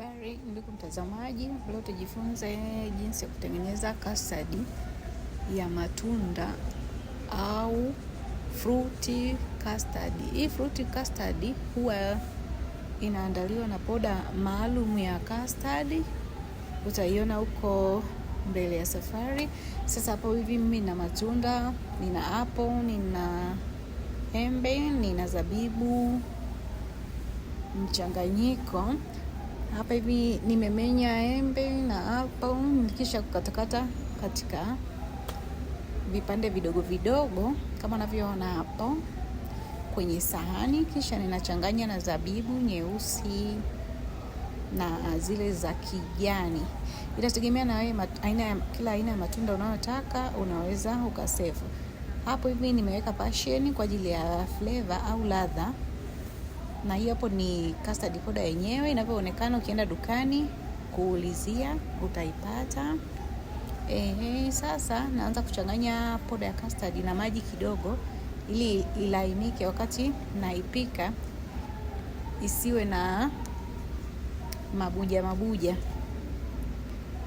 Habari ndugu mtazamaji, leo tujifunze jinsi ya kutengeneza kasadi ya matunda au fruti custard. Hii fruti custard huwa inaandaliwa na poda maalum ya custard, utaiona huko mbele ya safari. Sasa hapo hivi mimi na matunda, nina apple, nina embe, nina zabibu mchanganyiko hapa hivi nimemenya embe na apple, kisha kukatakata katika vipande vidogo vidogo kama unavyoona hapo kwenye sahani, kisha ninachanganya na zabibu nyeusi na zile za kijani. Inategemea na wewe aina ya kila aina ya matunda unayotaka, unaweza ukasevu hapo. Hivi nimeweka passion kwa ajili ya flavor au ladha na hii hapo ni custard powder yenyewe inavyoonekana. Ukienda dukani kuulizia utaipata. Ehe, sasa naanza kuchanganya poda ya custard na maji kidogo, ili ilainike wakati naipika, isiwe na mabuja mabuja.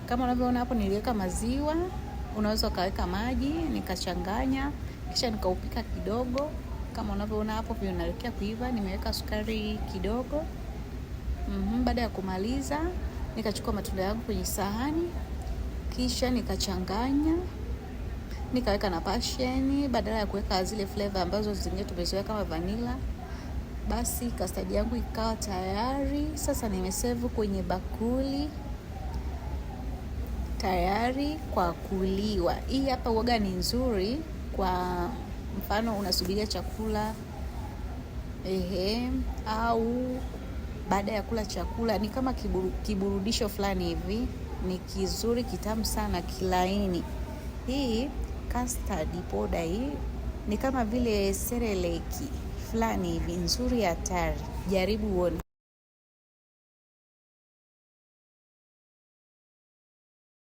Kama unavyoona hapo, niliweka maziwa, unaweza ukaweka maji, nikachanganya, kisha nikaupika kidogo. Kama unavyoona hapo vinaelekea kuiva, nimeweka sukari kidogo. mm -hmm. Baada ya kumaliza, nikachukua matunda yangu kwenye sahani, kisha nikachanganya, nikaweka na passion badala ya kuweka zile flavor ambazo zingine tumezoea kama vanilla. Basi custard yangu ikawa tayari. Sasa nimesevu kwenye bakuli tayari kwa kuliwa. Hii hapa uoga ni nzuri kwa mfano unasubiria chakula ehe, au baada ya kula chakula ni kama kiburu, kiburudisho fulani hivi, ni kizuri, kitamu sana, kilaini. Hii custard poda hii ni kama vile sereleki fulani hivi, nzuri hatari. Jaribu uone.